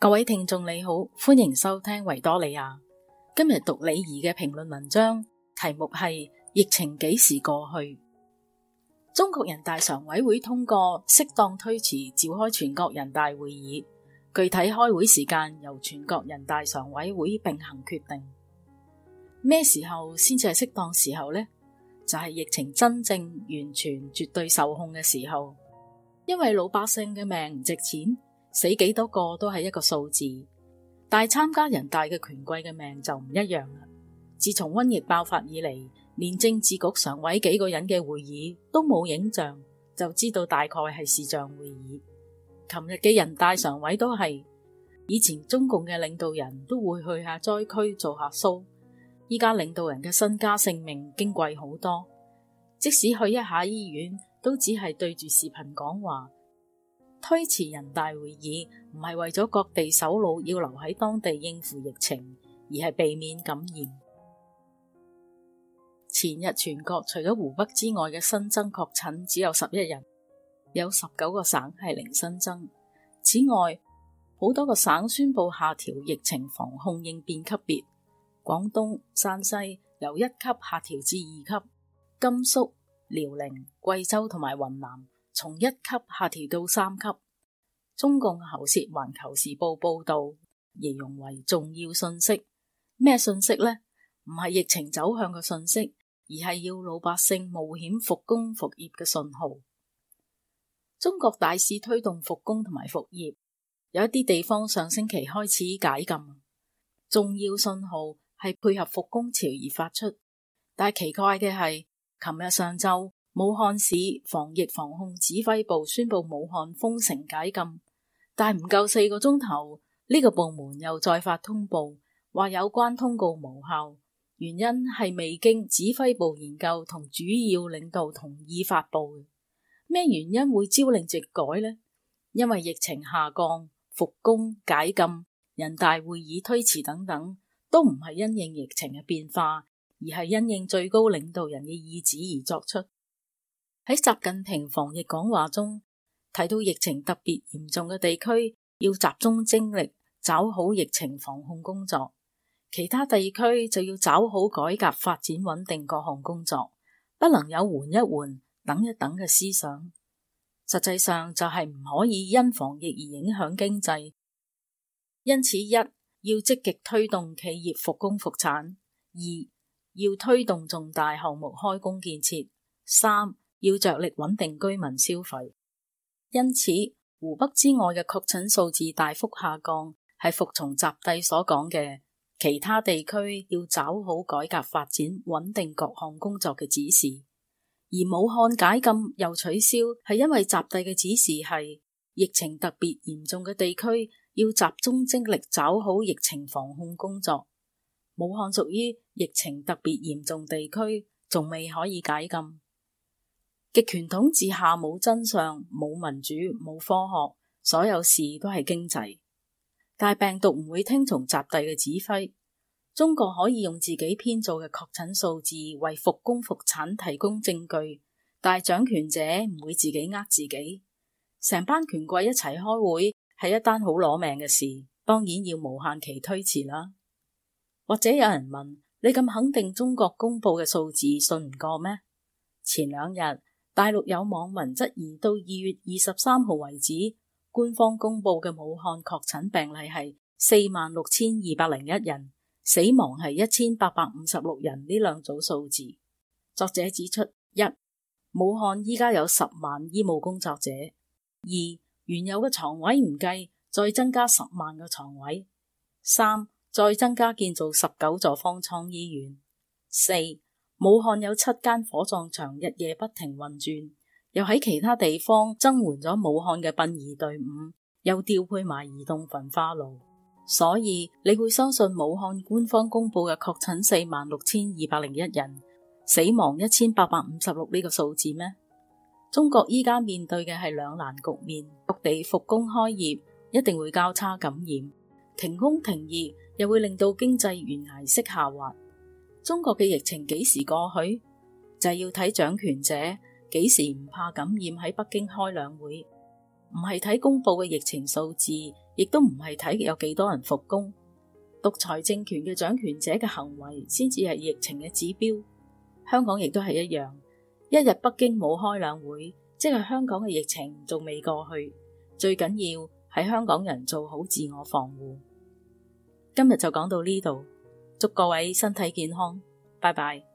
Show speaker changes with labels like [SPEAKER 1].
[SPEAKER 1] 各位聽眾你好，歡迎收聽維多利亞今日讀李怡嘅評論文章，題目係疫情幾時過去？中國人大常委會通過適當推遲召開全國人大會議，具體開會時間由全國人大常委會並行決定。咩時候先至係適當時候呢？就係疫情真正完全絕對受控嘅時候，因為老百姓嘅命唔值錢。死幾多個都係一個數字，但係參加人大嘅權貴嘅命就唔一樣啦。自從瘟疫爆發以嚟，連政治局常委幾個人嘅會議都冇影像，就知道大概係視像會議。琴日嘅人大常委都係以前中共嘅領導人都會去下災區做下 show，依家領導人嘅身家性命矜貴好多，即使去一下醫院，都只係對住視頻講話。推遲人大會議唔係為咗各地首腦要留喺當地應付疫情，而係避免感染。前日全國除咗湖北之外嘅新增確診只有十一人，有十九個省係零新增。此外，好多個省宣布下調疫情防控應變級別，廣東、山西由一級下調至二級，甘肅、遼寧、貴州同埋雲南。從一級下調到三級。中共喉舌環球時報報道，形容為重要信息。咩信息呢？唔係疫情走向嘅信息，而係要老百姓冒險復工復業嘅信號。中國大使推動復工同埋復業，有一啲地方上星期開始解禁。重要信號係配合復工潮而發出，但奇怪嘅係，琴日上周。武漢市防疫防控指揮部宣布，武漢封城解禁，但唔夠四個鐘頭，呢個部門又再發通報，話有關通告無效，原因係未經指揮部研究同主要領導同意發布嘅。咩原因會朝令夕改呢？因為疫情下降、復工解禁、人大會議推遲等等，都唔係因應疫情嘅變化，而係因應最高領導人嘅意志而作出。喺習近平防疫講話中，睇到疫情特別嚴重嘅地區要集中精力抓好疫情防控工作，其他地區就要抓好改革發展穩定各項工作，不能有緩一緩、等一等嘅思想。實際上就係唔可以因防疫而影響經濟。因此，一要積極推動企業復工復產，二要推動重大項目開工建設，三。要着力穩定居民消費。因此，湖北之外嘅確診數字大幅下降，係服從習帝所講嘅其他地區要找好改革發展、穩定各項工作嘅指示。而武漢解禁又取消，係因為習帝嘅指示係疫情特別嚴重嘅地區要集中精力找好疫情防控工作。武漢屬於疫情特別嚴重地區，仲未可以解禁。極權統治下冇真相，冇民主，冇科學，所有事都係經濟。但病毒唔會聽從習帝嘅指揮。中國可以用自己編造嘅確診數字為復工復產提供證據，但掌權者唔會自己呃自己。成班權貴一齊開會係一單好攞命嘅事，當然要無限期推遲啦。或者有人問，你咁肯定中國公布嘅數字信唔過咩？前兩日。大陸有網民質疑，到二月二十三號為止，官方公布嘅武漢確診病例係四萬六千二百零一人，死亡係一千八百五十六人呢兩組數字。作者指出：一、武漢依家有十萬醫務工作者；二、原有嘅床位唔計，再增加十萬個床位；三、再增加建造十九座方艙醫院；四。武漢有七間火葬場日夜不停運轉，又喺其他地方增援咗武漢嘅殯儀隊伍，又調配埋移動焚化爐，所以你會相信武漢官方公布嘅確診四萬六千二百零一人，死亡一千八百五十六呢個數字咩？中國依家面對嘅係兩難局面，各地復工開業一定會交叉感染，停工停業又會令到經濟懸崖式下滑。中國嘅疫情幾時過去，就係要睇掌權者幾時唔怕感染喺北京開兩會，唔係睇公布嘅疫情數字，亦都唔係睇有幾多人復工。獨裁政權嘅掌權者嘅行為，先至係疫情嘅指標。香港亦都係一樣，一日北京冇開兩會，即係香港嘅疫情仲未過去。最緊要係香港人做好自我防護。今日就講到呢度。祝各位身體健康，拜拜。